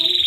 Thank you.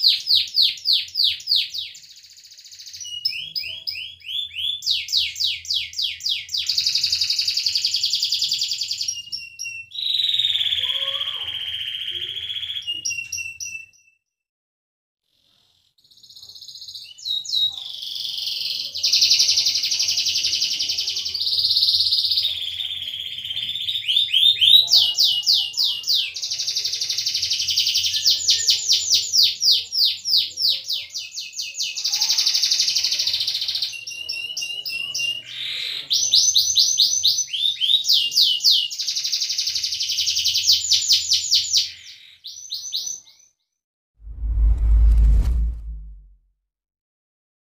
フフフフ。